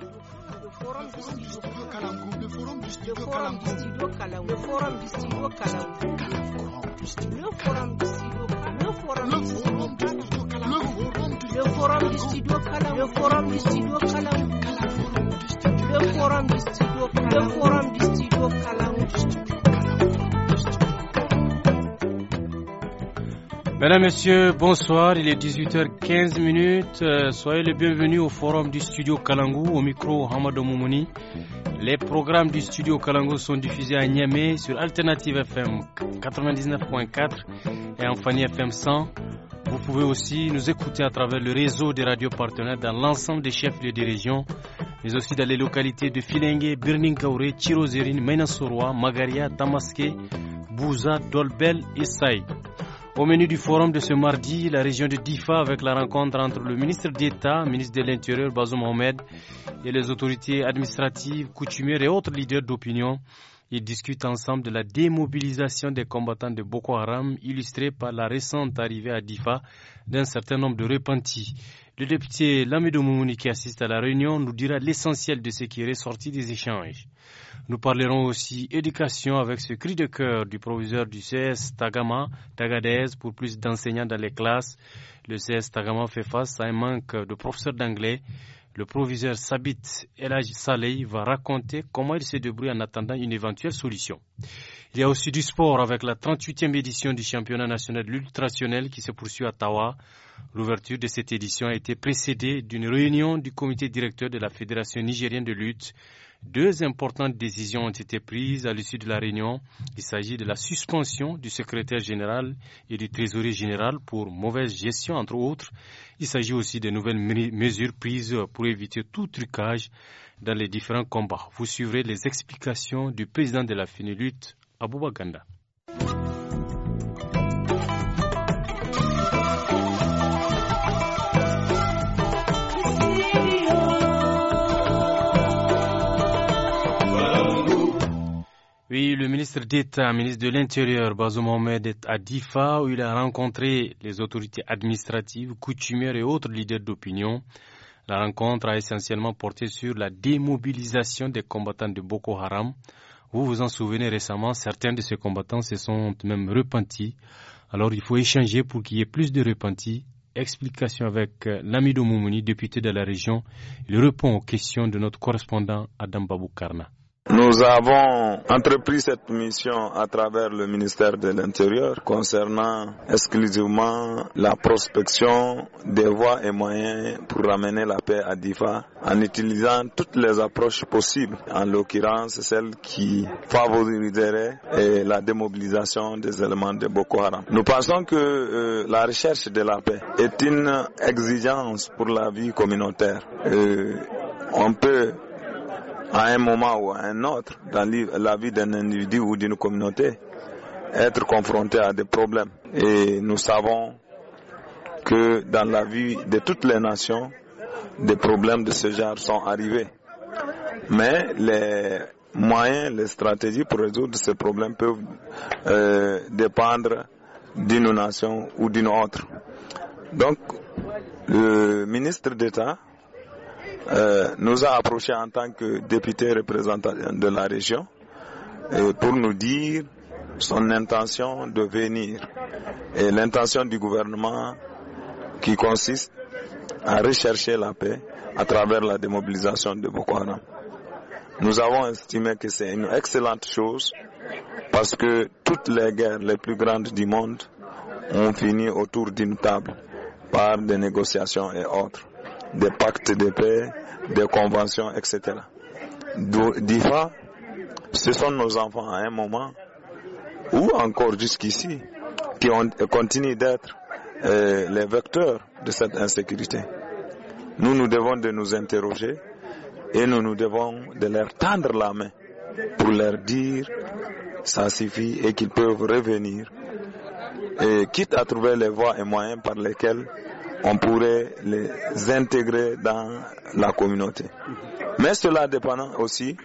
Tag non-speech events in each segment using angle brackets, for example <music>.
le forum du studio Kalangu, le forum du studio Kalangu, le forum du studio Kalangu, le forum du studio Kalangu, le forum du studio Kalangu, le forum du studio Kalangu, le forum du studio Kalangu, le forum du studio Kalangu, le forum du studio Kalangu, le forum du studio Kalangu, Mesdames, Messieurs, bonsoir. Il est 18h15. Euh, soyez les bienvenus au forum du studio Kalangou, au micro Hamadou Moumouni. Les programmes du studio Kalango sont diffusés à Niamey sur Alternative FM 99.4 et en Fanny FM 100. Vous pouvez aussi nous écouter à travers le réseau des radios partenaires dans l'ensemble des chefs de des régions, mais aussi dans les localités de Filengue, Birningaure, Chirozérine, Mainasoroa, Magaria, Damaske, Bouza, Dolbel et Saï. Au menu du forum de ce mardi, la région de Difa avec la rencontre entre le ministre d'État, ministre de l'Intérieur Bazoum Mohamed et les autorités administratives, coutumières et autres leaders d'opinion. Ils discutent ensemble de la démobilisation des combattants de Boko Haram, illustrée par la récente arrivée à Difa d'un certain nombre de repentis. Le député Lamido Moumouni qui assiste à la réunion nous dira l'essentiel de ce qui est ressorti des échanges. Nous parlerons aussi éducation avec ce cri de cœur du proviseur du CS Tagama, Tagadez, pour plus d'enseignants dans les classes. Le CS Tagama fait face à un manque de professeurs d'anglais. Le proviseur Sabit Elaj Saleh va raconter comment il se débrouille en attendant une éventuelle solution. Il y a aussi du sport avec la 38e édition du championnat national de lutte ultrationnel qui se poursuit à Tawa. L'ouverture de cette édition a été précédée d'une réunion du comité directeur de la Fédération nigérienne de lutte. Deux importantes décisions ont été prises à l'issue de la réunion. Il s'agit de la suspension du secrétaire général et du trésorier général pour mauvaise gestion, entre autres. Il s'agit aussi de nouvelles mesures prises pour éviter tout trucage dans les différents combats. Vous suivrez les explications du président de la lutte Abouba Baganda. Oui, le ministre d'État, ministre de l'Intérieur, Bazoum Mohamed, est à Difa où il a rencontré les autorités administratives, coutumières et autres leaders d'opinion. La rencontre a essentiellement porté sur la démobilisation des combattants de Boko Haram. Vous vous en souvenez récemment, certains de ces combattants se sont même repentis. Alors il faut échanger pour qu'il y ait plus de repentis. Explication avec euh, l'ami de Moumouni, député de la région. Il répond aux questions de notre correspondant Adam Babou Karna. Nous avons entrepris cette mission à travers le ministère de l'Intérieur concernant exclusivement la prospection des voies et moyens pour ramener la paix à Difa en utilisant toutes les approches possibles, en l'occurrence celles qui favoriseraient la démobilisation des éléments de Boko Haram. Nous pensons que euh, la recherche de la paix est une exigence pour la vie communautaire. Euh, on peut à un moment ou à un autre dans la vie d'un individu ou d'une communauté, être confronté à des problèmes. Et nous savons que dans la vie de toutes les nations, des problèmes de ce genre sont arrivés. Mais les moyens, les stratégies pour résoudre ces problèmes peuvent euh, dépendre d'une nation ou d'une autre. Donc, le ministre d'État euh, nous a approché en tant que député représentant de la région euh, pour nous dire son intention de venir et l'intention du gouvernement qui consiste à rechercher la paix à travers la démobilisation de Boko Haram. Nous avons estimé que c'est une excellente chose parce que toutes les guerres les plus grandes du monde ont fini autour d'une table par des négociations et autres des pactes de paix, des conventions, etc. D'IFA, ce sont nos enfants à un moment, ou encore jusqu'ici, qui ont, continuent d'être euh, les vecteurs de cette insécurité. Nous, nous devons de nous interroger et nous, nous devons de leur tendre la main pour leur dire ça suffit et qu'ils peuvent revenir, et quitte à trouver les voies et moyens par lesquels on pourrait les intégrer dans la communauté. Mais cela dépend aussi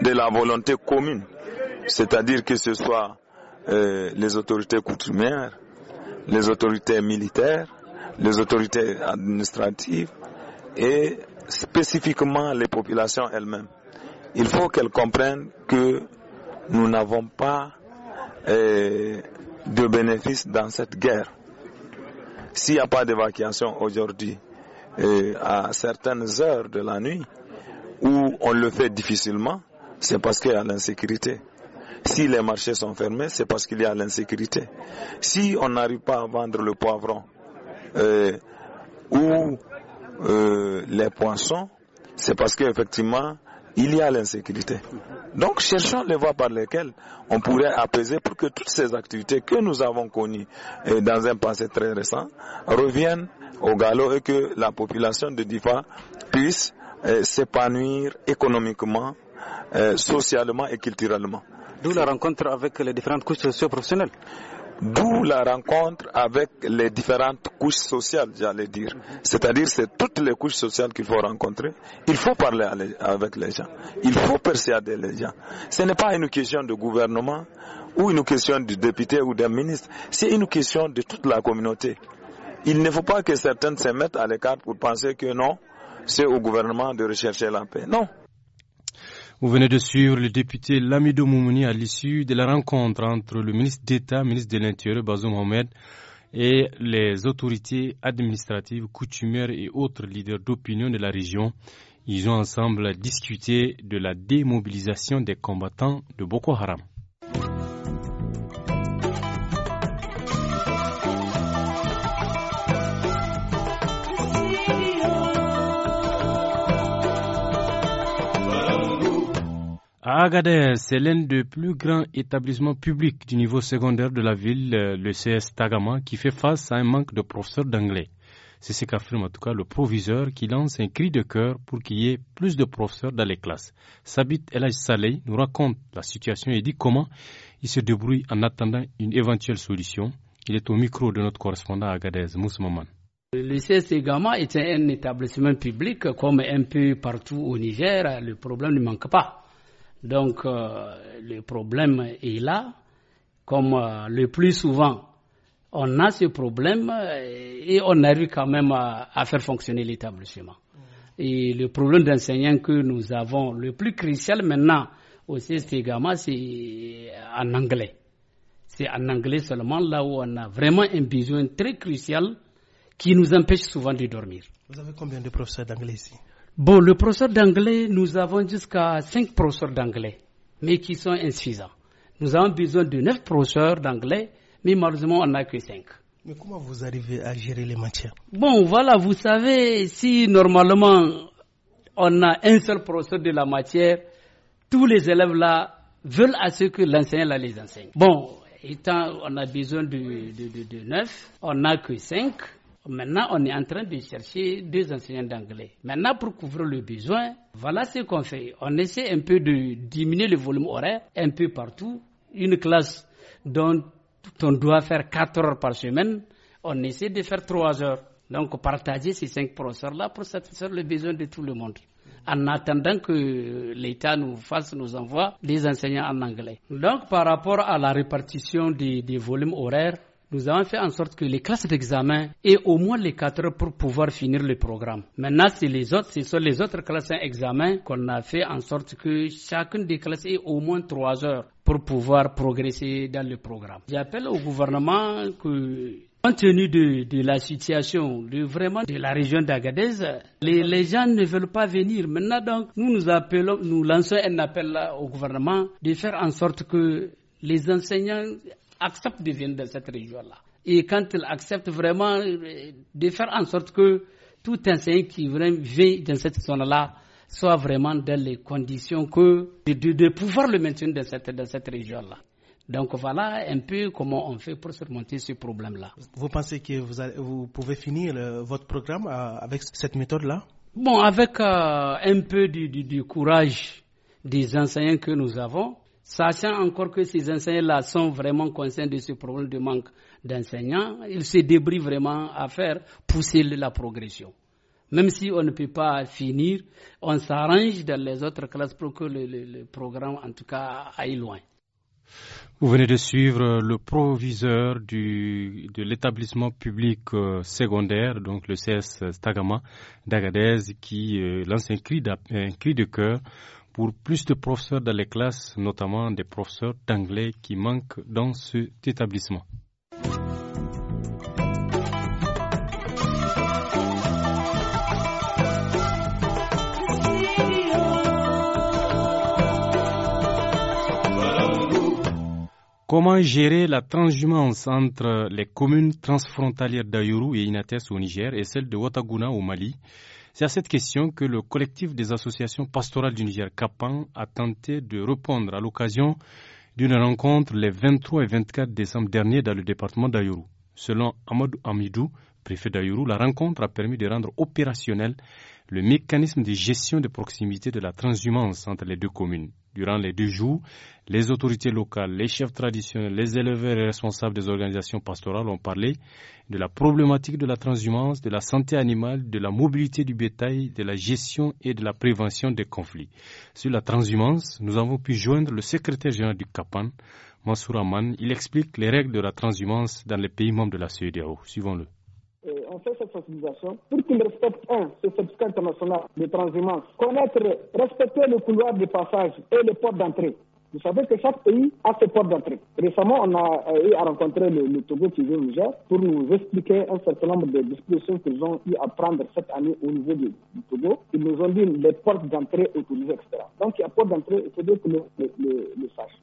de la volonté commune, c'est-à-dire que ce soit euh, les autorités coutumières, les autorités militaires, les autorités administratives et spécifiquement les populations elles-mêmes. Il faut qu'elles comprennent que nous n'avons pas euh, de bénéfices dans cette guerre. S'il n'y a pas d'évacuation aujourd'hui, euh, à certaines heures de la nuit, où on le fait difficilement, c'est parce qu'il y a l'insécurité. Si les marchés sont fermés, c'est parce qu'il y a l'insécurité. Si on n'arrive pas à vendre le poivron euh, ou euh, les poissons, c'est parce qu'effectivement, il y a l'insécurité. Donc cherchons les voies par lesquelles on pourrait apaiser pour que toutes ces activités que nous avons connues eh, dans un passé très récent reviennent au galop et que la population de Difa puisse eh, s'épanouir économiquement, eh, socialement et culturellement. D'où la rencontre avec les différentes couches socio-professionnelles. D'où la rencontre avec les différentes couches sociales, j'allais dire. C'est-à-dire, c'est toutes les couches sociales qu'il faut rencontrer. Il faut parler avec les gens. Il faut persuader les gens. Ce n'est pas une question de gouvernement ou une question du député ou d'un ministre. C'est une question de toute la communauté. Il ne faut pas que certains se mettent à l'écart pour penser que non, c'est au gouvernement de rechercher la paix. Non. Vous venez de suivre le député Lamido Moumouni à l'issue de la rencontre entre le ministre d'État, ministre de l'Intérieur, Bazoum Mohamed, et les autorités administratives, coutumières et autres leaders d'opinion de la région. Ils ont ensemble discuté de la démobilisation des combattants de Boko Haram. À Agadez, c'est l'un des plus grands établissements publics du niveau secondaire de la ville, euh, le CS Tagama, qui fait face à un manque de professeurs d'anglais. C'est ce qu'affirme en tout cas le proviseur qui lance un cri de cœur pour qu'il y ait plus de professeurs dans les classes. Sabit Elaj Saleh nous raconte la situation et dit comment il se débrouille en attendant une éventuelle solution. Il est au micro de notre correspondant à Agadez, Moussa Maman. Le CS Tagama est un établissement public comme un peu partout au Niger. Le problème ne manque pas. Donc euh, le problème est là, comme euh, le plus souvent on a ce problème euh, et on arrive quand même à, faire fonctionner l'établissement. Et le problème d'enseignants que nous avons, le plus crucial maintenant au Gamma, c'est en anglais. C'est en anglais seulement là où on a vraiment un besoin très crucial qui nous empêche souvent de dormir. Vous avez combien de professeurs d'anglais ici Bon, le professeur d'anglais, nous avons jusqu'à 5 professeurs d'anglais, mais qui sont insuffisants. Nous avons besoin de 9 professeurs d'anglais, mais malheureusement, on n'a que 5. Mais comment vous arrivez à gérer les matières Bon, voilà, vous savez, si normalement on a un seul professeur de la matière, tous les élèves là veulent à ce que l'enseignant là les enseigne. Bon, étant on a besoin de, de, 9, on n'a que 5. Maintenant, on est en train de chercher deux enseignants d'anglais. Maintenant, pour couvrir le besoin, voilà ce qu'on fait. On essaie un peu de diminuer le volume horaire un peu partout. Une classe dont on doit faire 4 heures par semaine, on essaie de faire 3 heures. Donc, partager ces 5 professeurs-là pour satisfaire le besoin de tout le monde en attendant que l'État nous fasse, nous envoie des enseignants en anglais. Donc, par rapport à la répartition des volumes horaires, nous avons fait en sorte que les classes d'examen aient au moins les 4 heures pour pouvoir finir le programme. Maintenant, c'est les autres, ce sont les autres classes d'examen qu'on a fait en sorte que chacune des classes ait au moins 3 heures pour pouvoir progresser dans le programme. J'appelle au gouvernement que Compte tenu de, la situation, de vraiment de la région d'Agadez, les, les, gens ne veulent pas venir. Maintenant donc, nous nous appelons, nous lançons un appel au gouvernement de faire en sorte que les enseignants accepte de venir dans cette région-là. Et quand il accepte vraiment euh, de faire en sorte que tout enseignant qui vit dans cette zone-là soit vraiment dans les conditions que de, pouvoir le maintenir dans cette, dans cette région-là. Donc voilà un peu comment on fait pour surmonter ce problème-là. Vous pensez que vous, vous pouvez finir euh, votre programme euh, avec cette méthode-là Bon, avec un peu du courage des enseignants que nous avons, sachant encore que ces enseignants-là sont vraiment conscients de ce problème de manque d'enseignants, ils se débrouillent vraiment à faire pousser la progression. Même si on ne peut pas finir, on s'arrange dans les autres classes pour que le, programme, en tout cas, aille loin. Vous venez de suivre le proviseur de l'établissement public euh, secondaire, donc le CS Stagama d'Agadez, qui euh, lance un cri, un cri de cœur pour plus de professeurs dans les classes, notamment des professeurs d'anglais qui manquent dans cet établissement. Comment gérer la transhumance entre les communes transfrontalières d'Ayuru et Inates au Niger et celles de Wataguna au Mali c'est à cette question que le collectif des associations pastorales du Niger Capan a tenté de répondre à l'occasion d'une rencontre les 23 et 24 décembre dernier dans le département d'aïrou. Selon Amadou Amidou, préfet d'aïrou, la rencontre a permis de rendre opérationnel le mécanisme de gestion de proximité de la transhumance entre les deux communes. Durant les deux jours, les autorités locales, les chefs traditionnels, les éleveurs et responsables des organisations pastorales ont parlé de la problématique de la transhumance, de la santé animale, de la mobilité du bétail, de la gestion et de la prévention des conflits. Sur la transhumance, nous avons pu joindre le secrétaire général du CAPAN, Mansour Il explique les règles de la transhumance dans les pays membres de la CEDEAO. Suivons-le on euh, fait cette sensibilisation pour qu'ils respectent, un, ce certificat international de transhumance, connaître, respecter le couloir de passage et le port d'entrée. Vous savez que chaque pays a ses portes d'entrée. Récemment, on a euh, eu à rencontrer le, le Togo qui vient au Niger pour nous expliquer un certain nombre de dispositions qu'ils ont eu à prendre cette année au niveau du, Togo. Ils nous ont dit les portes d'entrée autorisées, etc. Donc, il y a portes d'entrée, il faut que le, le, le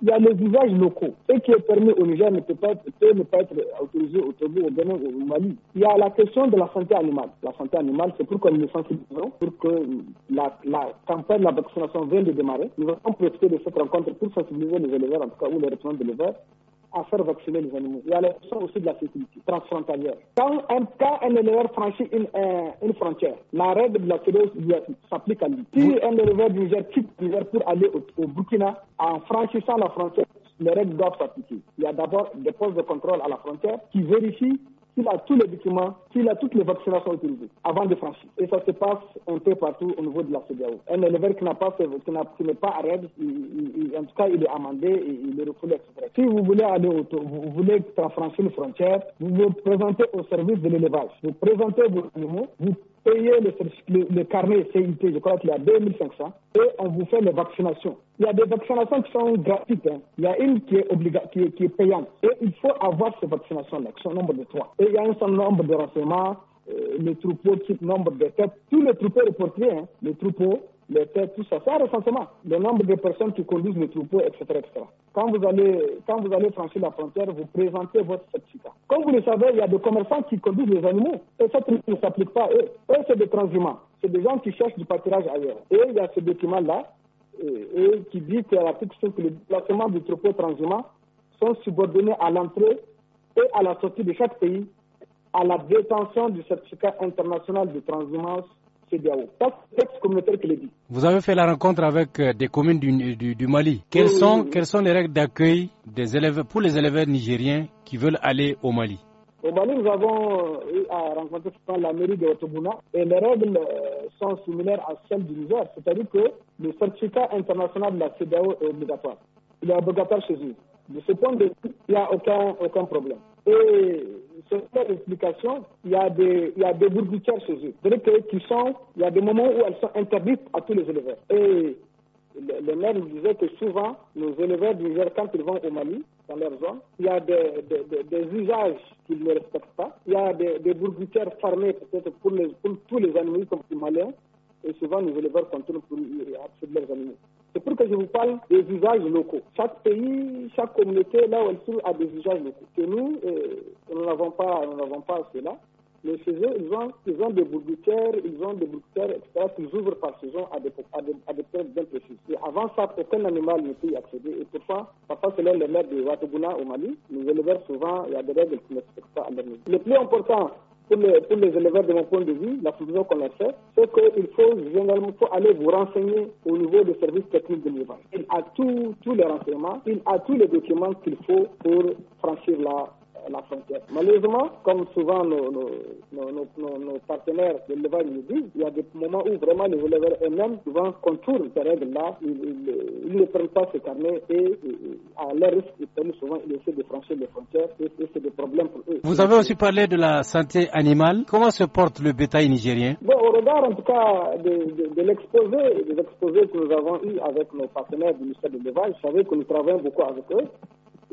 Il y a les usages locaux. Ce qui est permis au Niger ne peut pas être, peut pas autorisé au Togo, au Bénin, au Mali. Il y a la question de la santé animale. La santé animale, c'est pour qu'on nous sensibilisons, pour que la, la campagne de la vaccination vienne de démarrer. Nous avons profiter de cette rencontre pour sensibiliser les éleveurs, en tout cas, ou les représentants d'éleveurs, à faire vacciner les animaux. Il y a la question aussi de la sécurité transfrontalière. Quand un, quand éleveur franchit euh, une, frontière, la règle de la sécurité s'applique à lui. Si un éleveur du Niger quitte pour aller au, au, Burkina, en franchissant la frontière, les règles doivent s'appliquer. Il y a d'abord des postes de contrôle à la frontière qui vérifient qu'il a tous les documents, qu'il a toutes les vaccinations utilisées, avant de franchir. Et ça se passe un peu partout au niveau de la CDAO. Un éleveur qui n'a pas qui n'est pas arrêté, en tout cas, il est amendé et il est refoulé, etc. Si vous voulez aller autour, vous voulez franchir une frontière, vous vous présentez au service de l'élevage. Vous présentez vos animaux, payez le, carnet CIT, je crois qu'il y a 2500, et on vous fait les vaccinations. Il y a des vaccinations qui sont gratuites. Hein. Il y a une qui est, qui qui est payante. Et il faut avoir ces vaccinations-là, qui sont nombre de trois. Et il y a un certain nombre de renseignements, euh, le troupeau, type nombre de têtes. Tous les troupeaux reportés, hein, les troupeaux les terres, tout ça. C'est un Le nombre de personnes qui conduisent le troupeau, etc., Quand vous allez, quand vous allez franchir la frontière, vous présentez votre certificat. Comme vous le savez, il y a des commerçants qui conduisent les animaux. Et ça ne s'applique pas à eux. Eux, c'est des transhumants. C'est des gens qui cherchent du pâturage ailleurs. Et il y a ce document-là, et, qui dit que l'article que le placement du troupeau transhumant sont subordonnés à l'entrée et à la sortie de chaque pays à la détention du certificat international de transhumance vous avez fait la rencontre avec euh, des communes du, du, du Mali. Quelles, sont, les règles d'accueil des élèves, pour les élèves nigériens qui veulent aller au Mali au Mali, nous avons euh, eu à rencontrer la mairie de Otobuna et les règles euh, sont similaires à celles du Niger, c'est-à-dire que le certificat international de la CDAO est obligatoire. Il est obligatoire chez nous. De ce point de vue, il n'y a aucun problème. Et sur cette il y a des, il y a des bourgoutières chez eux. cest sont, il y a des moments où elles sont interdites à tous les éleveurs. Et le, maire disait que souvent, nos éleveurs quand ils vont au Mali, dans leur zone, il y a des, des, des, usages qu'ils ne respectent pas. Il y a des, des fermées peut-être pour, pour tous les animaux comme les Maliens. Et souvent, nos éleveurs continuent pour, leurs animaux. C'est pour que je vous parle des usages locaux. Chaque pays, chaque communauté, là où elle trouve, a des usages locaux. Que nous, euh, nous n'avons pas, nous pas cela. Mais chez eux, ils ont, ils ont des bourgoutières, ils ont des bourgoutières, etc., Ils ouvrent par saison à des, à des, périodes bien précises. Et avant ça, aucun animal ne peut y accéder. Et pourquoi que là, les maires de Watabuna au Mali, les éleveurs, souvent, il y a des règles qui ne respectent pas à Le plus important, pour les, pour éleveurs de mon point de vue, la solution qu'on a faite, c'est qu'il faut généralement aller vous renseigner au niveau des services techniques de l'élevage. Il a tous les renseignements, il a tous les documents qu'il faut pour franchir la Malheureusement, comme souvent nos, partenaires de l'élevage nous disent, il y a des moments où vraiment les voleurs eux-mêmes souvent contournent ces règles-là, ils, ils, ne prennent pas ce carnet et, à leur risque, ils prennent souvent, ils essaient de franchir les frontières et, c'est des problèmes pour eux. Vous avez aussi parlé de la santé animale. Comment se porte le bétail nigérien bon, Au regard en tout cas de, l'exposé, des exposés que nous avons eu avec nos partenaires du ministère de l'élevage, je savais que nous travaillons beaucoup avec eux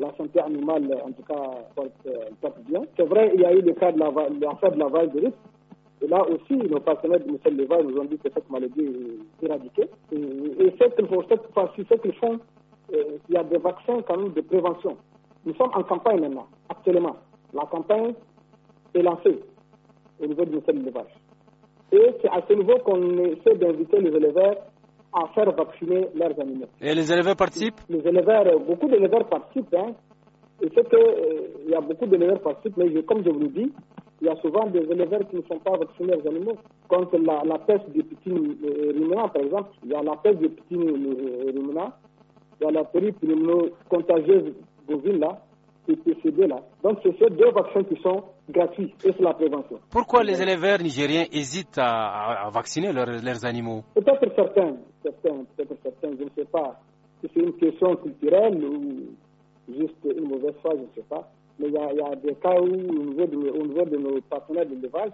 la santé animale, en tout cas, euh, porte, bien. C'est vrai, il y a eu le cas de l'affaire de la vague de risque. Et là aussi, nos partenaires de Michel Vache nous ont dit que cette maladie est éradiquée. Et, c'est ce qu'ils font, font euh, il y a des vaccins quand même de prévention. Nous sommes en campagne maintenant, actuellement. La campagne est lancée au niveau de ministère de Vache. Et c'est à ce niveau qu'on essaie d'inviter les éleveurs à faire vacciner leurs animaux. Et les éleveurs participent Les éleveurs, euh, beaucoup d'éleveurs participent. Hein. qu'il euh, y a beaucoup d'éleveurs participent, mais comme je vous le dis, il y a souvent des éleveurs qui ne sont pas vaccinés aux animaux. Quand la, peste des petits euh, ruminants, par exemple, il y a la peste des petits ruminants, il y a la péripulmono contagieuse bovine là, donc ce ces deux vaccins qui sont gratuits et c'est la prévention. Pourquoi les éleveurs nigériens hésitent à, vacciner leurs animaux Peut-être certains, certains, peut-être certains, je ne sais pas si c'est une question culturelle ou juste une mauvaise foi, je ne sais pas. Mais il y, a des cas où, au niveau de, nos partenaires d'élevage,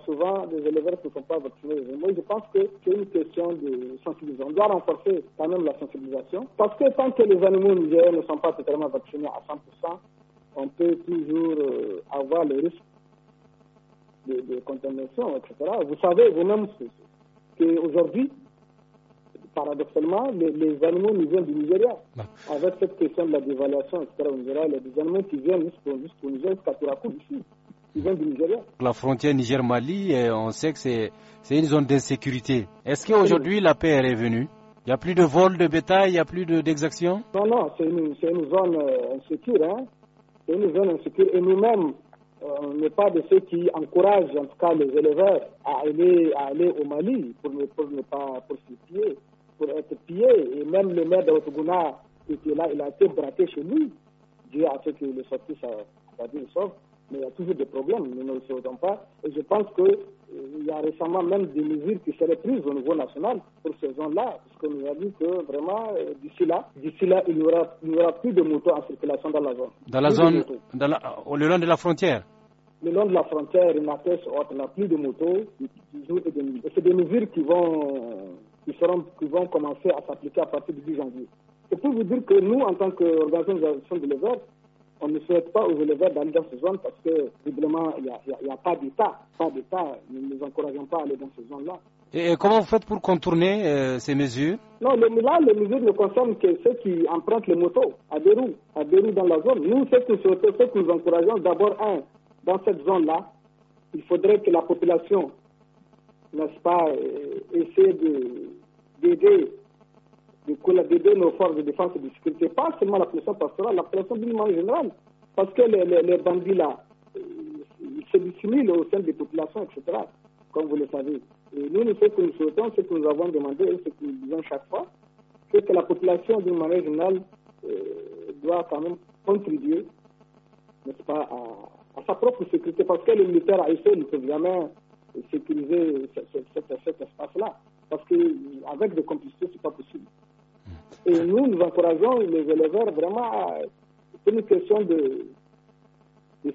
souvent des éleveurs qui ne sont pas vaccinés. moi, je pense que c'est une question de sensibilisation. On doit renforcer quand même la sensibilisation parce que tant que les animaux nigériens ne sont pas totalement vaccinés à 100%, on peut toujours euh, avoir le risque de, contamination, etc. Vous savez vous-même qu'aujourd'hui, paradoxalement, les, animaux nous viennent du Nigeria. Avec cette question de la dévaluation, etc., au Nigeria, il animaux qui viennent jusqu'au Nigeria, jusqu'à Turakou, ici. La frontière Niger-Mali, eh, on sait que c'est une zone d'insécurité. Est-ce qu'aujourd'hui la paix est revenue Il n'y a plus de vol de bétail, il n'y a plus d'exactions Non, non, c'est une, zone euh, insécure. Hein. C'est une zone insécure. Et nous-mêmes, euh, on n'est pas de ceux qui encouragent en tout cas les éleveurs à aller, au Mali pour ne, pas pour se pour être pillés. Et même le maire qui était là, il a été braqué chez lui. Dieu a fait que le sorti, ça, le ça mais il y a toujours des problèmes, nous ne le saurons pas. Et je pense qu'il euh, y a récemment même des mesures qui seraient prises au niveau national pour ces zones là parce nous a dit que vraiment, euh, d'ici là, d'ici là, il n'y aura, plus de motos en circulation dans la zone. Dans la zone, au, le long de la frontière le long de la frontière, il n'y aura plus de motos, Et c'est des mesures qui vont, qui, seront, commencer à s'appliquer à partir du 10 janvier. Et pour vous dire que nous, en tant qu'organisation de l'éleveur, on ne souhaite pas aux éleveurs d'aller dans ces zones parce que, visiblement, il n'y a, pas d'État. Pas d'État. Nous ne nous encourageons pas à aller dans ces zones-là. Et, comment vous faites pour contourner euh, ces mesures Non, là, les mesures ne concernent que ceux qui empruntent les motos à des roues, à dans la zone. Nous, ce que nous ce que nous encourageons, d'abord, un, dans cette zone-là, il faudrait que la population, n'est-ce pas, euh, essaie d'aider de collaborer nos forces de défense et de sécurité, pas seulement la pression pastorale, la pression d'une manière générale, parce que les, bandits là, euh, ils se dissimulent au sein des populations, etc., comme vous le savez. Et nous, ce que nous souhaitons, ce que nous avons demandé et ce que nous disons chaque fois, c'est que la population, du manière générale, euh, doit quand même contribuer, n'est-ce pas, à, sa propre sécurité, parce que les militaires à ne peuvent jamais sécuriser cet espace-là, parce qu'avec des complicités, ce n'est pas possible. Et nous, nous encourageons les éleveurs vraiment C'est une question de,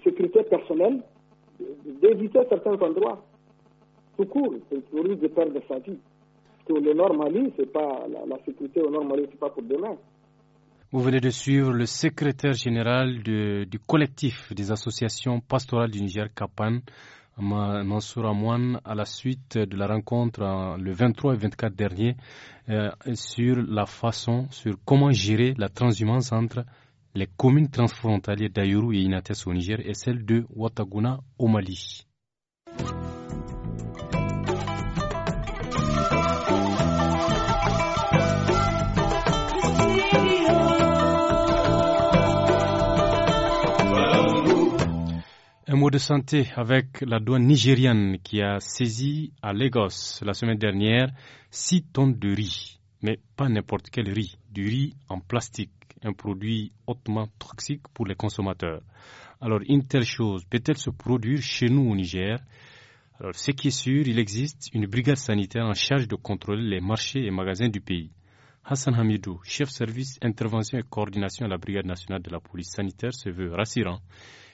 sécurité personnelle, d'éviter certains endroits, tout court, pour risque de perdre sa vie. Parce que le Nord Mali, c'est pas, la, sécurité au Nord Mali, c'est pas pour demain. Vous venez de suivre le secrétaire général du collectif des associations pastorales du Niger, Kapan. Mansour Moine à la suite de la rencontre euh, le 23 et 24 dernier euh, sur la façon, sur comment gérer la transhumance entre les communes transfrontalières d'Ayuru et Inates au Niger et celle de Ouattaguna au Mali. Un mot de santé avec la douane nigériane qui a saisi à Lagos la semaine dernière 6 tonnes de riz, mais pas n'importe quel riz, du riz en plastique, un produit hautement toxique pour les consommateurs. Alors une telle chose peut-elle se produire chez nous au Niger Alors ce qui est sûr, il existe une brigade sanitaire en charge de contrôler les marchés et magasins du pays. Hassan Hamidou, chef service intervention et coordination à la brigade nationale de la police sanitaire, se veut rassurant.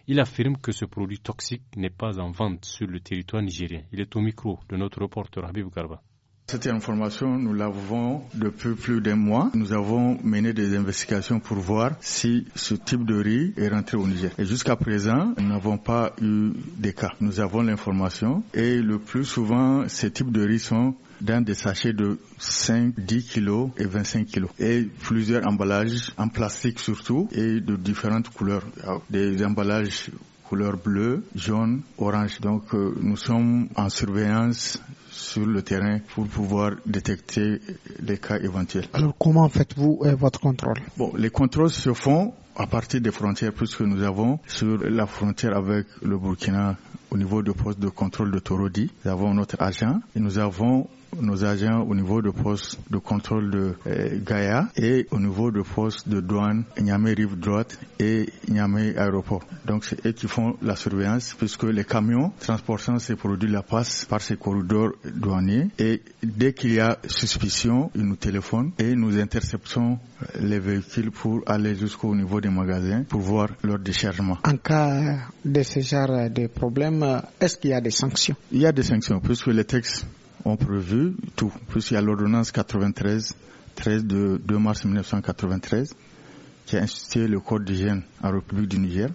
Il affirme que ce produit toxique n'est pas en vente sur le territoire nigérien. Il est au micro de notre reporter Habib Garba. Cette information, nous l'avons depuis plus d'un mois. Nous avons mené des investigations pour voir si ce type de riz est rentré au Niger. Et jusqu'à présent, nous n'avons pas eu de cas. Nous avons l'information et le plus souvent, ces types de riz sont dans des sachets de 5, 10 kilos et 25 kilos. Et plusieurs emballages en plastique surtout et de différentes couleurs. Ah, des emballages couleur bleue, jaune, orange. Donc euh, nous sommes en surveillance sur le terrain pour pouvoir détecter les cas éventuels. Alors comment faites-vous euh, votre contrôle Bon, les contrôles se font à partir des frontières puisque nous avons sur la frontière avec le Burkina au niveau du poste de contrôle de Torodi, nous avons notre agent et nous avons nos agents au niveau de poste de contrôle de euh, Gaïa et au niveau de poste de douane Niamey Rive Droite et Niamey Aéroport. Donc c'est eux qui font la surveillance puisque les camions transportant ces produits la passent par ces corridors douaniers et dès qu'il y a suspicion, ils nous téléphonent et nous interceptons euh, les véhicules pour aller jusqu'au niveau des magasins pour voir leur déchargement. En cas de ce genre de problème, est-ce qu'il y a des sanctions Il y a des sanctions puisque les textes ont prévu tout, puisqu'il y a l'ordonnance 93, 13 de 2 mars 1993, qui a institué le code d'hygiène en République du Niger,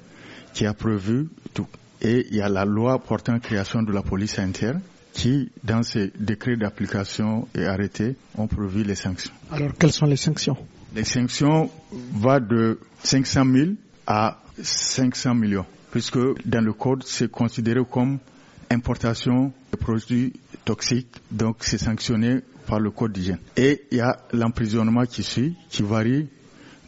qui a prévu tout. Et il y a la loi portant création de la police interne qui, dans ses décrets d'application et arrêtés, ont prévu les sanctions. Alors, quelles sont les sanctions Les sanctions vont de 500 000 à 500 millions, puisque dans le code, c'est considéré comme importation de produits toxiques, donc c'est sanctionné par le code d'hygiène. Et il y a l'emprisonnement qui suit, qui varie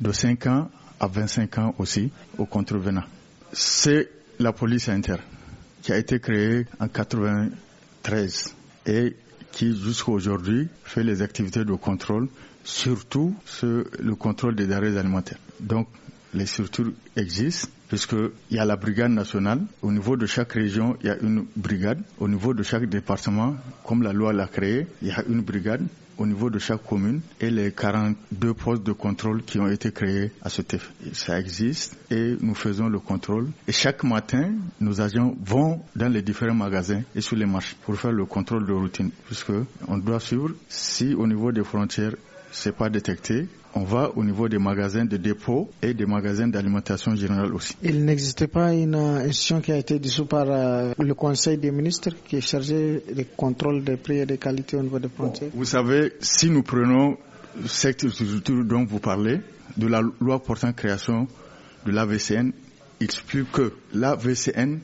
de 5 ans à 25 ans aussi au contrevenant. C'est la police interne qui a été créée en 93 et qui jusqu'à aujourd'hui fait les activités de contrôle, surtout sur le contrôle des arrêts alimentaires. Donc les structures existent il y a la brigade nationale. Au niveau de chaque région, il y a une brigade. Au niveau de chaque département, comme la loi l'a créé, il y a une brigade au niveau de chaque commune et les 42 postes de contrôle qui ont été créés à ce effet. Ça existe et nous faisons le contrôle. Et chaque matin, nos agents vont dans les différents magasins et sur les marchés pour faire le contrôle de routine puisque on doit suivre si au niveau des frontières c'est pas détecté, on va au niveau des magasins de dépôt et des magasins d'alimentation générale aussi. Il n'existait pas une euh, institution qui a été dissoute par euh, le Conseil des ministres qui est chargé du contrôle des prix et des qualités au niveau des frontières Vous savez, si nous prenons cette structure dont vous parlez, de la loi portant création de l'AVCN, explique que l'AVCN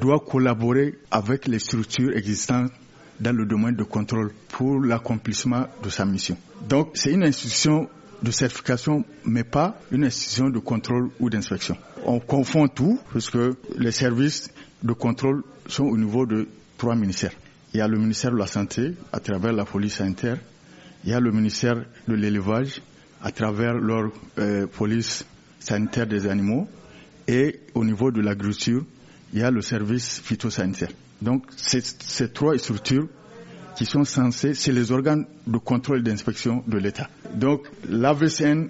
doit collaborer avec les structures existantes dans le domaine de contrôle pour l'accomplissement de sa mission. Donc c'est une institution de certification, mais pas une institution de contrôle ou d'inspection. On confond tout, parce que les services de contrôle sont au niveau de trois ministères. Il y a le ministère de la Santé, à travers la police sanitaire. Il y a le ministère de l'élevage, à travers leur euh, police sanitaire des animaux. Et au niveau de l'agriculture, il y a le service phytosanitaire. Donc, ces trois structures qui sont censées, c'est les organes de contrôle et d'inspection de l'État. Donc, l'AVCN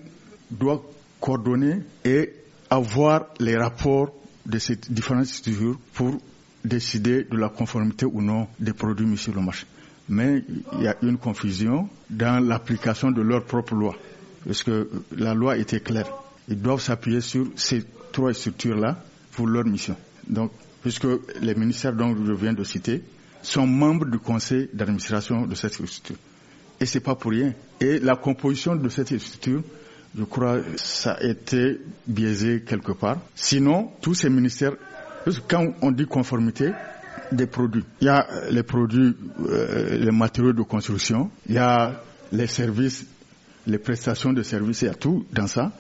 doit coordonner et avoir les rapports de ces différentes structures pour décider de la conformité ou non des produits mis sur le marché. Mais il y a une confusion dans l'application de leur propre loi, parce que la loi était claire. Ils doivent s'appuyer sur ces trois structures-là pour leur mission. Donc puisque les ministères dont je viens de citer sont membres du conseil d'administration de cette structure. Et c'est pas pour rien. Et la composition de cette structure, je crois, ça a été biaisé quelque part. Sinon, tous ces ministères, quand on dit conformité, des produits. Il y a les produits, euh, les matériaux de construction, il y a les services, les prestations de services, il y a tout dans ça.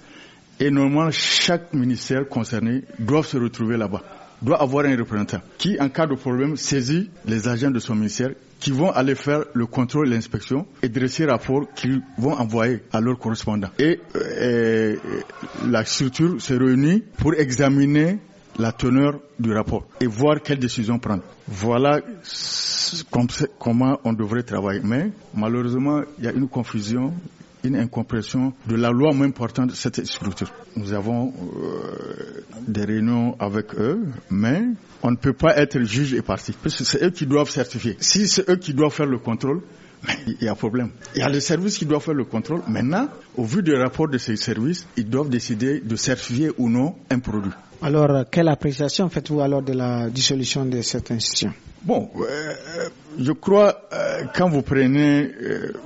Et normalement, chaque ministère concerné doit se retrouver là-bas doit avoir un représentant qui, en cas de problème, saisit les agents de son ministère qui vont aller faire le contrôle et l'inspection et dresser rapport qu'ils vont envoyer à leur correspondant. Et, euh, et la structure se réunit pour examiner la teneur du rapport et voir quelle décision prendre. Voilà comment on devrait travailler. Mais malheureusement, il y a une confusion une incompréhension de la loi moins importante de cette structure. Nous avons euh, des réunions avec eux, mais on ne peut pas être juge et parti, parce que c'est eux qui doivent certifier. Si c'est eux qui doivent faire le contrôle, il y a problème. Il y a le service qui doit faire le contrôle. Maintenant, au vu des rapport de ces services, ils doivent décider de certifier ou non un produit. Alors, quelle appréciation faites-vous alors de la dissolution de cette institution Bon, euh, je crois euh, quand vous prenez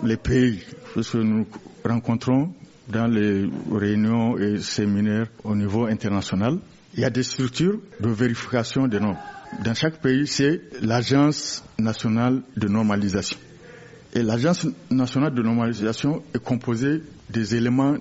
les pays, parce que nous rencontrons dans les réunions et séminaires au niveau international. Il y a des structures de vérification des normes. Dans chaque pays, c'est l'Agence nationale de normalisation. Et l'Agence nationale de normalisation est composée des éléments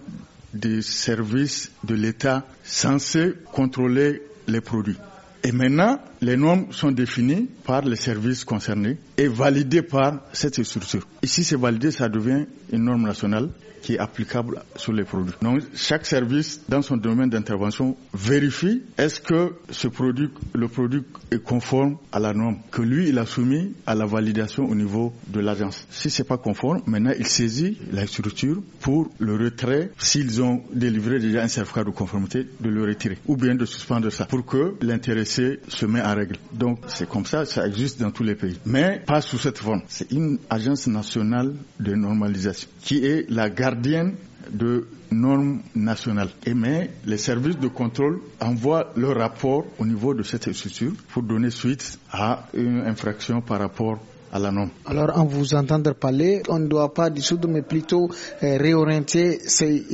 des services de l'État censés contrôler les produits. Et maintenant, les normes sont définies par les services concernés et validées par cette structure. Et si c'est validé, ça devient une norme nationale qui est applicable sur les produits. Donc, chaque service dans son domaine d'intervention vérifie est-ce que ce produit, le produit est conforme à la norme que lui, il a soumis à la validation au niveau de l'agence. Si c'est pas conforme, maintenant, il saisit la structure pour le retrait s'ils ont délivré déjà un certificat de conformité, de le retirer ou bien de suspendre ça pour que l'intéressé se mette règle. Donc c'est comme ça, ça existe dans tous les pays. Mais pas sous cette forme. C'est une agence nationale de normalisation qui est la gardienne de normes nationales. Et mais les services de contrôle envoient leur rapport au niveau de cette structure pour donner suite à une infraction par rapport alors, en vous entendre parler, on ne doit pas dissoudre, mais plutôt euh, réorienter ses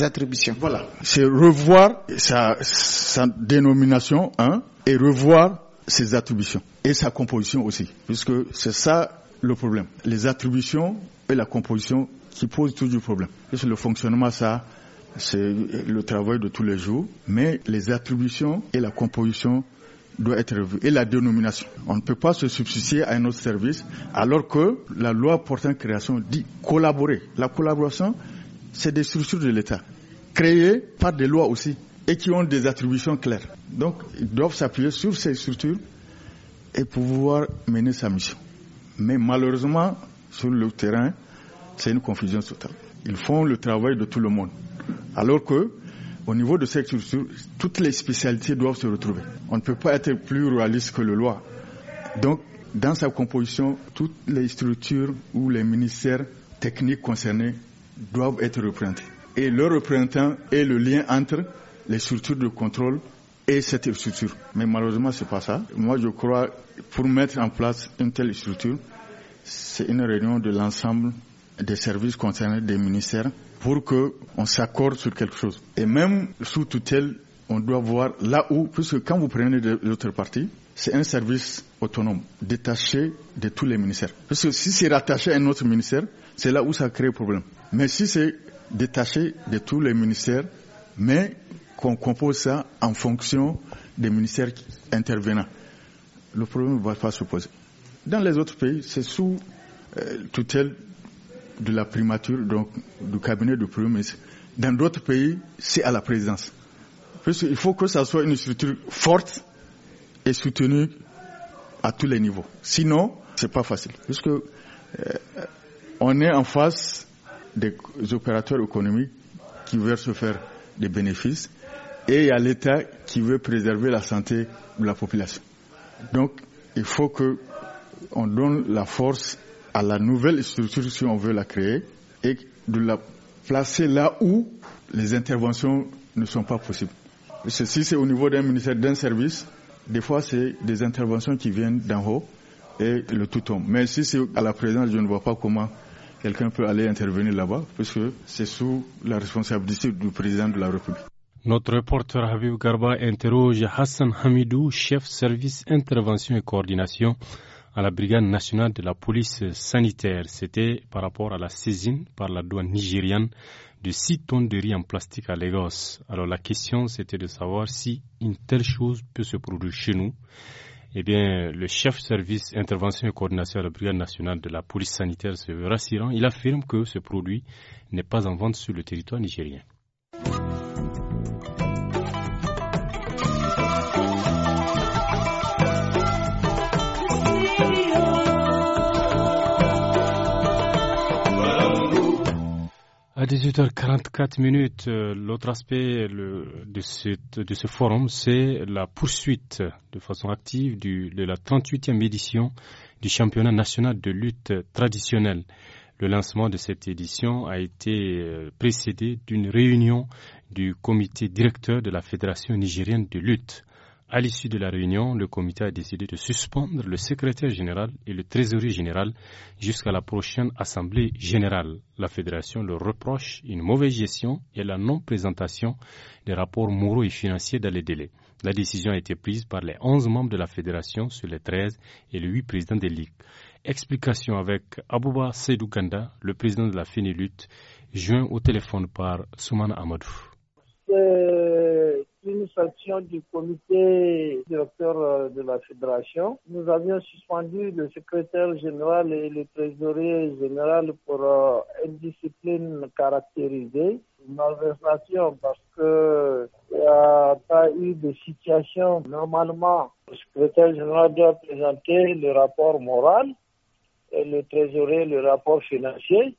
euh, attributions. Voilà. C'est revoir sa, sa dénomination, hein, et revoir ses attributions et sa composition aussi, puisque c'est ça le problème. Les attributions et la composition qui posent toujours problème. le fonctionnement, ça, c'est le travail de tous les jours, mais les attributions et la composition doit être revue et la dénomination. On ne peut pas se substituer à un autre service alors que la loi portant création dit collaborer. La collaboration, c'est des structures de l'État créées par des lois aussi et qui ont des attributions claires. Donc, ils doivent s'appuyer sur ces structures et pouvoir mener sa mission. Mais malheureusement, sur le terrain, c'est une confusion totale. Ils font le travail de tout le monde. Alors que au niveau de cette structure, toutes les spécialités doivent se retrouver. On ne peut pas être plus royaliste que le loi. Donc, dans sa composition, toutes les structures ou les ministères techniques concernés doivent être représentés. Et le représentant est le lien entre les structures de contrôle et cette structure. Mais malheureusement, c'est pas ça. Moi, je crois, pour mettre en place une telle structure, c'est une réunion de l'ensemble des services concernés des ministères pour que on s'accorde sur quelque chose. Et même sous tutelle, on doit voir là où, puisque quand vous prenez de l'autre partie, c'est un service autonome, détaché de tous les ministères. Parce que si c'est rattaché à un autre ministère, c'est là où ça crée problème. Mais si c'est détaché de tous les ministères, mais qu'on compose ça en fonction des ministères intervenants, le problème ne va pas se poser. Dans les autres pays, c'est sous euh, tutelle de la primature donc, du cabinet du Premier ministre. Dans d'autres pays, c'est à la présidence. Parce qu'il faut que ça soit une structure forte et soutenue à tous les niveaux. Sinon, c'est pas facile. Puisque euh, on est en face des opérateurs économiques qui veulent se faire des bénéfices et il y a l'État qui veut préserver la santé de la population. Donc, il faut que on donne la force à la nouvelle structure, si on veut la créer, et de la placer là où les interventions ne sont pas possibles. Si c'est au niveau d'un ministère, d'un service, des fois c'est des interventions qui viennent d'en haut et le tout tombe. Mais si c'est à la présence, je ne vois pas comment quelqu'un peut aller intervenir là-bas, puisque c'est sous la responsabilité du président de la République. Notre reporter Habib Garba interroge Hassan Hamidou, chef service intervention et coordination à la brigade nationale de la police sanitaire. C'était par rapport à la saisine par la douane nigériane de 6 tonnes de riz en plastique à Lagos. Alors la question c'était de savoir si une telle chose peut se produire chez nous. Eh bien, le chef service intervention et coordination de la brigade nationale de la police sanitaire se veut rassurant. Il affirme que ce produit n'est pas en vente sur le territoire nigérien. À 18h44 euh, l'autre aspect de, ce forum, c'est la poursuite de façon active de la 38e édition du championnat national de lutte traditionnelle. Le lancement de cette édition a été euh, précédé d'une réunion du comité directeur de la Fédération nigérienne de lutte. À l'issue de la réunion, le comité a décidé de suspendre le secrétaire général et le trésorier général jusqu'à la prochaine assemblée générale. La fédération leur reproche une mauvaise gestion et la non-présentation des rapports moraux et financiers dans les délais. La décision a été prise par les 11 membres de la fédération sur les 13 et les 8 présidents des ligues. Explication avec Abouba Seydoukanda, le président de la FENILUT, joint au téléphone par Soumana Amadou. Euh, une section du comité directeur euh, de la fédération. Nous avions suspendu le secrétaire général et le trésorier général pour une euh, discipline caractérisée, malversation parce que il n'y a pas eu de situation. Normalement, le secrétaire général doit présenter le rapport moral et le trésorier le rapport financier.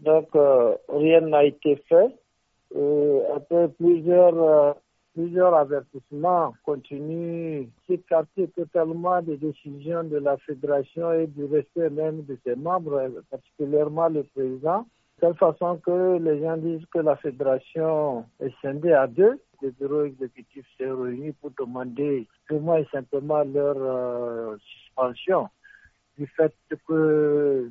Donc, euh, rien n'a été fait. Et après plusieurs plusieurs avertissements continuent s'écarter totalement des décisions de la fédération et du respect même de ses membres, euh, particulièrement le président, de telle façon que les gens disent que la fédération est scindée à deux. Le bureau exécutif s'est réuni pour demander purement et simplement leur euh, suspension du fait que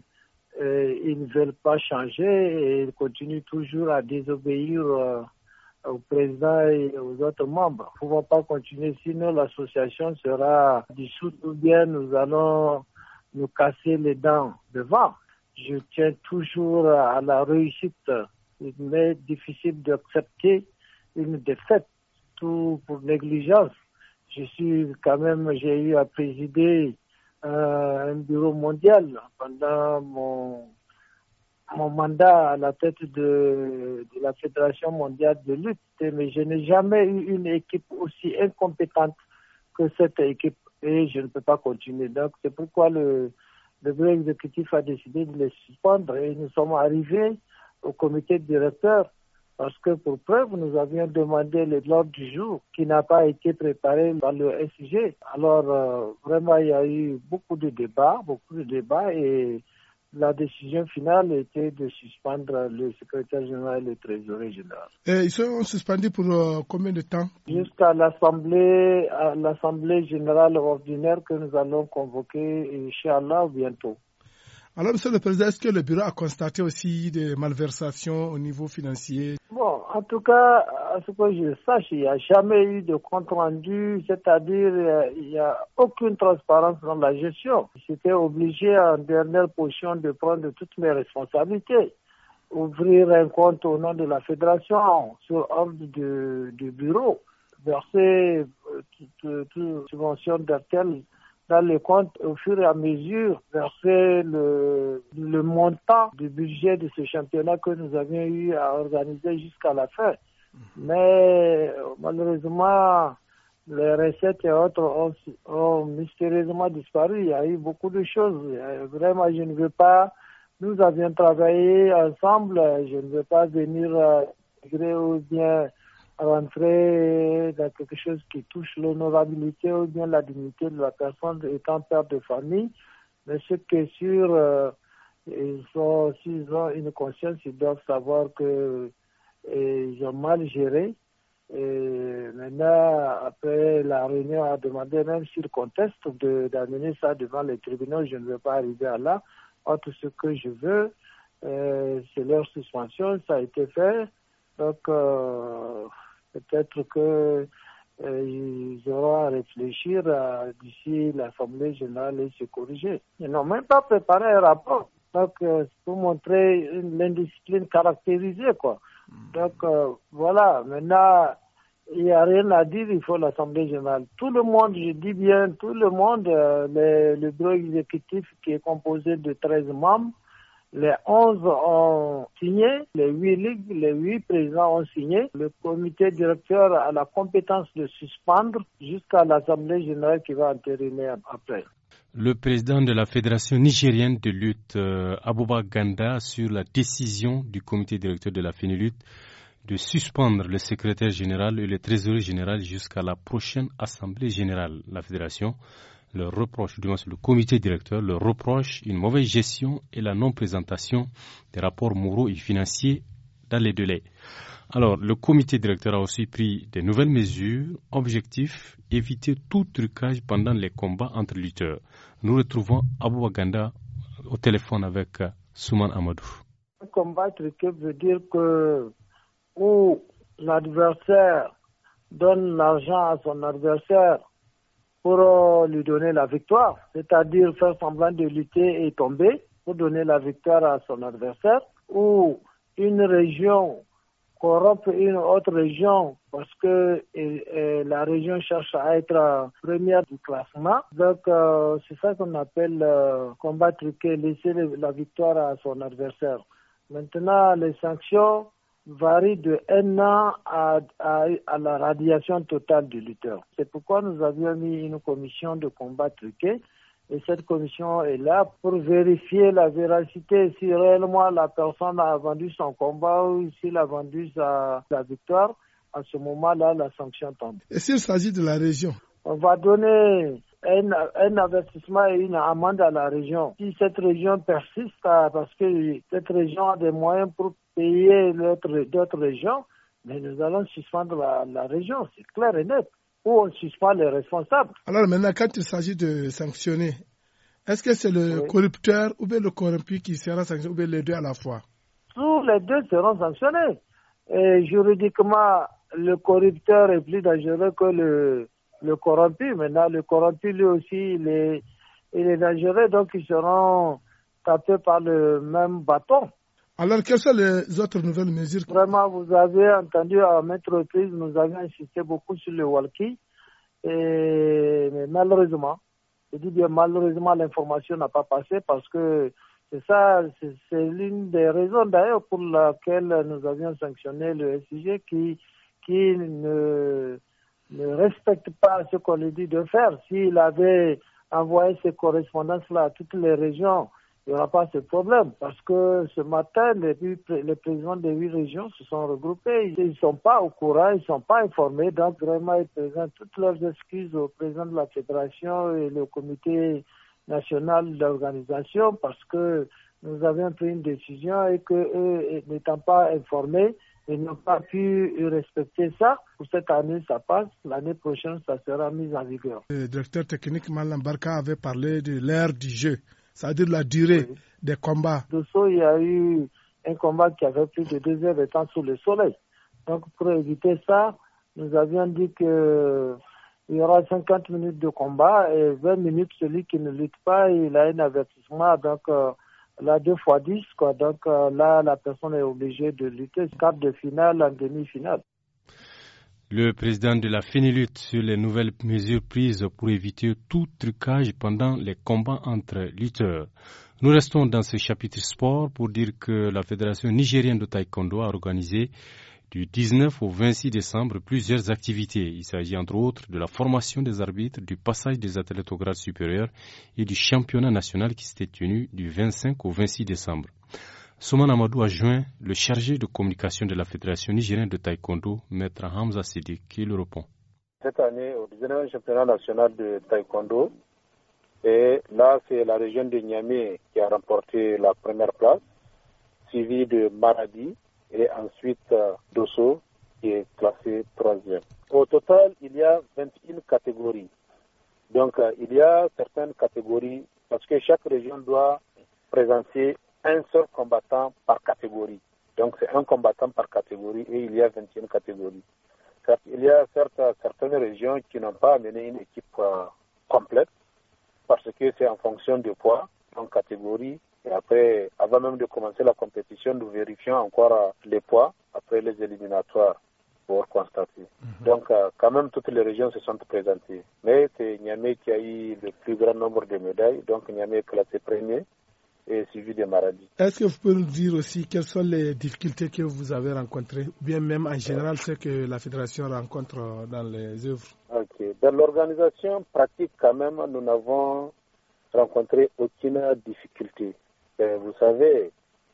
euh, ils ne veulent pas changer et ils continuent toujours à désobéir au président et aux autres membres. Nous ne pouvons pas continuer, sinon l'association sera dissoute ou bien nous allons nous casser les dents devant. Je tiens toujours à la réussite. Il m'est difficile d'accepter une défaite, tout pour négligence. Je suis quand même, j'ai eu à présider euh, un bureau mondial pendant mon mon mandat à la tête de, la Fédération mondiale de lutte, mais je n'ai jamais eu une équipe aussi incompétente que cette équipe et je ne peux pas continuer. Donc c'est pourquoi le, le bureau exécutif a décidé de les suspendre et nous sommes arrivés au comité directeur parce que pour preuve, nous avions demandé l'ordre du jour qui n'a pas été préparé par le SG. Alors euh, vraiment, il y a eu beaucoup de débats, beaucoup de débats et la décision finale était de suspendre le secrétaire général et le trésorier général. ils sont suspendus pour euh, combien de temps Jusqu'à l'Assemblée, l'Assemblée générale ordinaire que nous allons convoquer, Inch'Allah, bientôt. Alors, Monsieur le Président, est-ce que le bureau a constaté aussi des malversations au niveau financier Bon, en tout cas, à ce que je sache, il n'y a jamais eu de compte rendu, c'est-à-dire euh, il n'y a aucune transparence dans la gestion. J'étais obligé en dernière position de prendre toutes mes responsabilités ouvrir un compte au nom de la fédération sur ordre du, bureau, verser euh, toute subvention d'un dans les comptes au fur et à mesure verser le, le montant du budget de ce championnat que nous avions eu à organiser jusqu'à la fin. Mais euh, malheureusement, les recettes et autres ont, mystérieusement disparu. Il y a eu beaucoup de choses. Euh, vraiment, je ne veux pas. Nous avions travaillé ensemble. Je ne veux pas venir euh, ou bien rentrer dans euh, quelque chose qui touche l'honorabilité ou bien la dignité de la personne étant père de famille. Mais ce qui est sûr, euh, ils sont, s'ils ont une conscience, ils doivent savoir que euh, ils ont mal géré. Et maintenant, après la réunion a demandé, même s'ils contestent, d'amener ça devant les tribunaux. Je ne veux pas arriver à là. Autre ce que je veux, euh, c'est leur suspension. Ça a été fait. Donc, euh, Peut-être que euh, auront à réfléchir d'ici l'Assemblée générale et se corriger. Ils n'ont même pas préparé un rapport. Donc, euh, pour montrer l'indiscipline caractérisée, quoi. Hmm. Donc, euh, voilà. Maintenant, il n'y a rien à dire, il faut l'Assemblée générale. Tout le monde, je dis bien, tout le monde, le, le bureau exécutif qui est composé de 13 membres, les 11 ont signé, les 8 les présidents ont signé. Le comité directeur a la compétence de suspendre jusqu'à l'Assemblée générale qui va entériner après. Le président de la Fédération nigérienne de lutte, euh, Abouba Ganda, sur la décision du comité directeur de la FINILUT de suspendre le secrétaire général et le trésorier général jusqu'à la prochaine Assemblée générale. La Fédération leur reproche, du le comité directeur leur reproche une mauvaise gestion et la non-présentation des rapports moraux et financiers dans les délais. Alors, le comité directeur a aussi pris des nouvelles mesures. Objectif, éviter tout trucage pendant les combats entre lutteurs. Nous retrouvons Abou Aganda au téléphone avec euh, Souman Amadou. Un Combat truqué veut dire que où l'adversaire donne l'argent à son adversaire pour lui donner la victoire, c'est-à-dire faire semblant de lutter et tomber pour donner la victoire à son adversaire, ou une région corrompt une autre région parce que la région cherche à être première du classement. Donc euh, c'est ça qu'on appelle euh, combattre combat laisser la victoire à son adversaire. Maintenant, les sanctions, varie de un an à, à, la radiation totale du lutteur. C'est pourquoi nous avions mis une commission de combat truqué et cette commission est là pour vérifier la véracité, si réellement la personne a vendu son combat ou s'il a vendu sa, victoire. À ce moment-là, la sanction tombe. Et s'il s'agit de la région On va donner un, un, investissement et une amende à la région. Si cette région persiste, parce que cette région a des moyens pour payer d'autres régions, mais nous allons suspendre la, région, c'est clair et net. où on suspend les responsables. Alors maintenant, quand il s'agit de sanctionner, est-ce que c'est le corrupteur ou bien le corrompu qui sera sanctionné, ou bien les deux à la fois Tous les deux seront sanctionnés. Et juridiquement, le corrupteur est plus dangereux que le, le corrompu. Maintenant, le corrompu, lui aussi, il est, il est dangereux, donc ils seront tapés par le même bâton. Alors, quelles sont les autres nouvelles mesures Vraiment, vous avez entendu à maître crise, nous avions insisté beaucoup sur le walkie. Et mais malheureusement, je dis bien malheureusement, l'information n'a pas passé parce que c'est ça, c'est l'une des raisons d'ailleurs pour laquelle nous avions sanctionné le SIG qui, qui ne, ne respecte pas ce qu'on lui dit de faire. S'il avait envoyé ces correspondances-là à toutes les régions, il n'y aura pas ce problème. Parce que ce matin, les, les présidents des huit régions se sont regroupés. Ils ne sont pas au courant, ils ne sont pas informés. Donc, vraiment, ils présentent toutes leurs excuses au président de la fédération et au comité national d'organisation parce que nous avions pris une décision et que eux, n'étant pas informés, ils n'ont pas pu respecter ça. Pour cette année, ça passe. L'année prochaine, ça sera mis en vigueur. Le directeur technique Malambarka avait parlé de l'ère du jeu c'est-à-dire la durée des combats. De il y a eu un combat qui avait plus de deux heures étant temps sous le soleil. Donc, pour éviter ça, nous avions dit que il y aura 50 minutes de combat et 20 minutes, celui qui ne lutte pas, il a un avertissement. Donc, euh, là, deux fois 10, quoi. Donc, euh, là, la personne est obligée de lutter. Quart de finale, en demi-finale. Le président de la lutte sur les nouvelles mesures prises pour éviter tout trucage pendant les combats entre lutteurs. Nous restons dans ce chapitre sport pour dire que la Fédération nigérienne de taekwondo a organisé du 19 au 26 décembre plusieurs activités. Il s'agit entre autres de la formation des arbitres, du passage des athlètes au grade supérieur et du championnat national qui s'était tenu du 25 au 26 décembre. Souman Amadou a joint le chargé de communication de la Fédération nigérienne de taekwondo, Maître Hamza Sidi, qui le répond. Cette année, au 19e championnat national de taekwondo, et là, c'est la région de Niamey qui a remporté la première place, suivie de Maradi et ensuite euh, Dosso qui est classé troisième. Au total, il y a 21 catégories. Donc, euh, il y a certaines catégories parce que chaque région doit présenter un seul combattant par catégorie. Donc c'est un combattant par catégorie et il y a 21 catégories. Il y a certaines régions qui n'ont pas amené une équipe euh, complète parce que c'est en fonction du poids, en catégorie. Et après, avant même de commencer la compétition, nous vérifions encore euh, les poids après les éliminatoires pour constater. Mhm. Donc, euh, quand même, toutes les régions se sont présentées. Mais c'est Niamey qui a eu le plus grand nombre de médailles. Donc, Niamey est classé premier et suivi des maladies. Est-ce que vous pouvez nous dire aussi quelles sont les difficultés que vous avez rencontrées, bien même en général ce que la fédération rencontre dans les œuvres Dans l'organisation pratique, quand même, nous n'avons rencontré aucune difficulté. Euh, vous savez,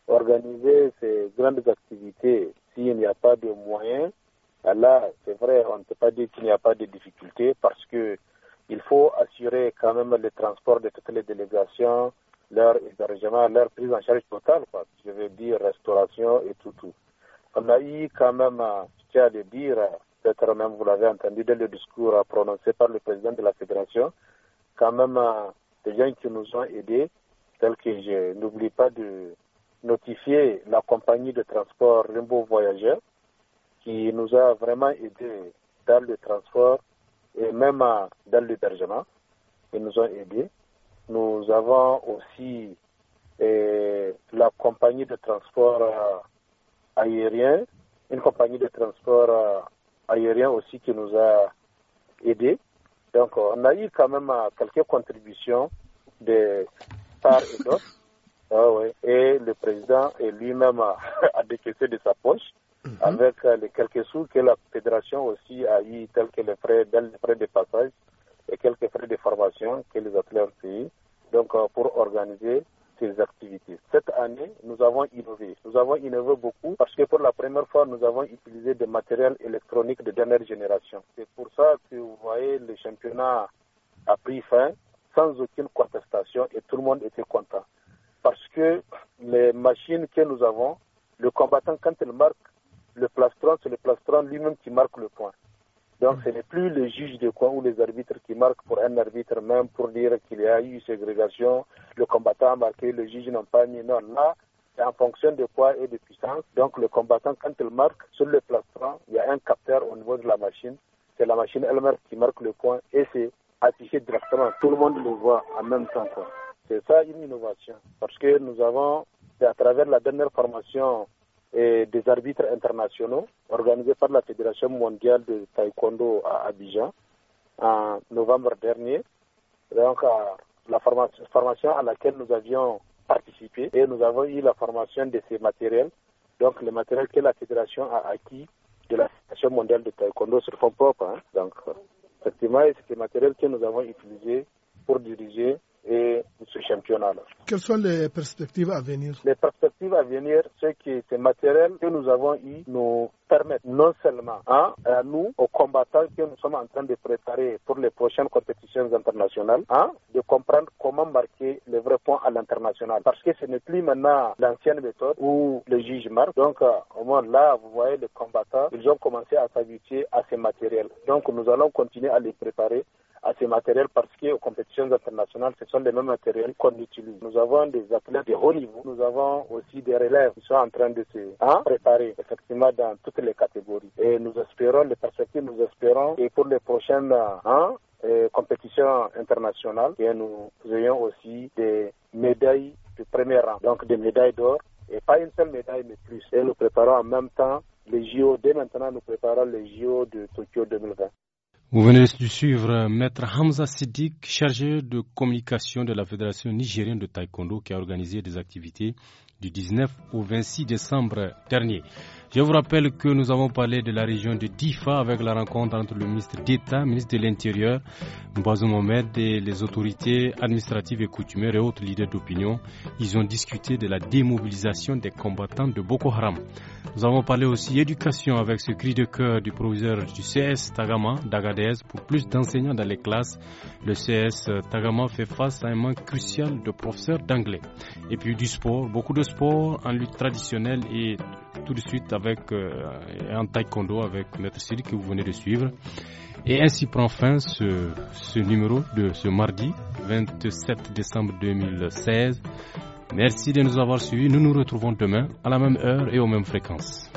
organiser ces grandes activités, s'il n'y a pas de moyens, ah là, c'est vrai, on ne peut pas dire qu'il n'y a pas de difficultés parce que il faut assurer quand même le transport de toutes les délégations, leur hébergement, leur prise en charge totale, je veux dire restauration et tout, tout. On a eu quand même, euh, je tiens à le dire, peut-être même vous l'avez entendu dans le discours prononcé par le président de la fédération, quand même euh, des gens qui nous ont aidés, tels que je n'oublie pas de notifier la compagnie de transport Rimbaud Voyageur qui nous a vraiment aidés dans le transport et même euh, dans l'hébergement. Ils nous ont aidés. Nous avons aussi eh, la compagnie de transport eh, aérien, une compagnie de transport eh, aérien aussi qui nous a aidés. Donc on a eu quand même quelques contributions de part et d'autre. Ah et le président lui-même a, <laughs> décaissé de sa poche mhm. avec les quelques sous que la fédération aussi a eu, tels que les frais, les frais de passage quelques frais de formation que les athlètes payent donc, euh, pour organiser ces activités. Cette année, nous avons innové. Nous avons innové beaucoup parce que pour la première fois, nous avons utilisé des matériels électroniques de dernière génération. C'est pour ça que vous voyez, le championnat a pris fin sans aucune contestation et tout le monde était content. Parce que les machines que nous avons, le combattant, quand il marque le plastron, c'est le plastron lui-même qui marque le point. Donc ce n'est plus le juge de coin ou les arbitres qui marquent pour un arbitre même pour dire qu'il y a eu ségrégation, le combattant a marqué, le juge n'a pas mis. Non, là, c'est en fonction de poids et de puissance. Donc le combattant, quand il marque sur le plastron, il y a un capteur au niveau de la machine. C'est la machine elle-même qui marque le coin et c'est affiché directement. Tout le monde le voit en même temps. C'est ça une innovation. Parce que nous avons, à travers la dernière formation et des arbitres internationaux organisés par la Fédération mondiale de taekwondo à Abidjan en novembre dernier. Donc, euh, la formation à laquelle nous avions participé et nous avons eu la formation de ces matériels, donc les matériels que la Fédération a acquis de la Fédération mondiale de taekwondo sur fond propre. Hein. Donc, effectivement, c'est le matériel que nous avons utilisé pour diriger et ce championnat-là. Quelles sont les perspectives à venir qui va venir, c'est que ces matériels que nous avons eu, nous permettent non seulement hein, à nous, aux combattants que nous sommes en train de préparer pour les prochaines compétitions internationales, hein, de comprendre comment marquer les vrai point à l'international. Parce que ce n'est plus maintenant l'ancienne méthode où le juge marque. Donc, euh, au moins là, vous voyez, les combattants, ils ont commencé à s'habituer à ces matériels. Donc, nous allons continuer à les préparer à ces matériels parce qu'aux compétitions internationales, ce sont les mêmes matériels qu'on utilise. Nous avons des athlètes de haut niveau, nous avons des relèves qui sont en train de se hein, préparer effectivement dans toutes les catégories. Et nous espérons, les perspectives, nous espérons, et pour les prochaines hein, compétitions internationales, et nous ayons aussi des médailles de premier rang, donc des médailles d'or, et pas une seule médaille, mais plus. Et nous préparons en même temps les JO, dès maintenant nous préparons les JO de Tokyo 2020. Vous venez de suivre Maître Hamza Siddiq, chargé de communication de la Fédération nigérienne de taekwondo, qui a organisé des activités du 19 au 26 décembre dernier. Je vous rappelle que nous avons parlé de la région de Difa avec la rencontre entre le ministre d'État, ministre de l'Intérieur, Mbazoum Mohamed et les autorités administratives et coutumières et autres leaders d'opinion. Ils ont discuté de la démobilisation des combattants de Boko Haram. Nous avons parlé aussi éducation avec ce cri de cœur du proviseur du CS Tagama d'Agadez pour plus d'enseignants dans les classes. Le CS Tagama fait face à un manque crucial de professeurs d'anglais. Et puis du sport, beaucoup de sport en lutte traditionnelle et tout de suite à avec, en euh, taekwondo avec Maître Sidi que vous venez de suivre. Et ainsi prend fin ce, ce numéro de ce mardi 27 décembre 2016. Merci de nous avoir suivis. Nous nous retrouvons demain à la même heure et aux mêmes fréquences.